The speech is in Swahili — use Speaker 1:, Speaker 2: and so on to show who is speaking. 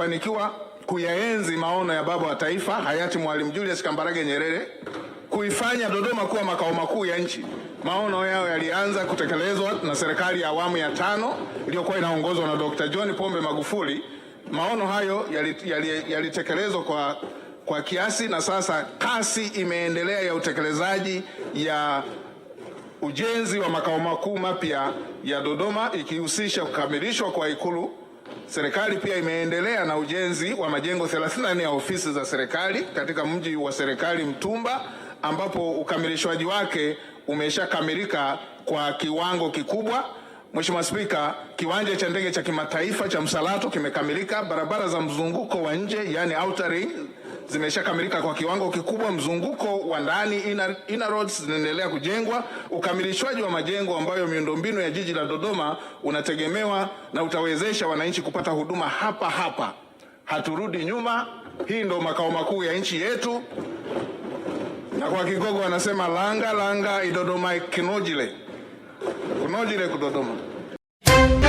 Speaker 1: fanikiwa kuyaenzi maono ya baba wa taifa hayati Mwalimu Julius Kambarage Nyerere kuifanya Dodoma kuwa makao makuu ya nchi. Maono yao yalianza kutekelezwa na serikali ya awamu ya tano iliyokuwa inaongozwa na Dr. John Pombe Magufuli. Maono hayo yalitekelezwa yali, yali kwa, kwa kiasi na sasa kasi imeendelea ya utekelezaji ya ujenzi wa makao makuu mapya ya Dodoma ikihusisha kukamilishwa kwa ikulu Serikali pia imeendelea na ujenzi wa majengo 34 ya ofisi za serikali katika mji wa serikali Mtumba, ambapo ukamilishwaji wake umeshakamilika kwa kiwango kikubwa. Mheshimiwa Spika, kiwanja cha ndege cha kimataifa cha Msalato kimekamilika, barabara za mzunguko wa nje, yani outer ring zimeshakamilika kwa kiwango kikubwa. Mzunguko wa ndani inner, inner roads zinaendelea kujengwa. Ukamilishwaji wa majengo ambayo miundombinu ya jiji la Dodoma unategemewa na utawezesha wananchi kupata huduma hapa hapa. Haturudi nyuma, hii ndo makao makuu ya nchi yetu, na kwa Kigogo wanasema langa langa idodoma kinojile kunojile kudodoma.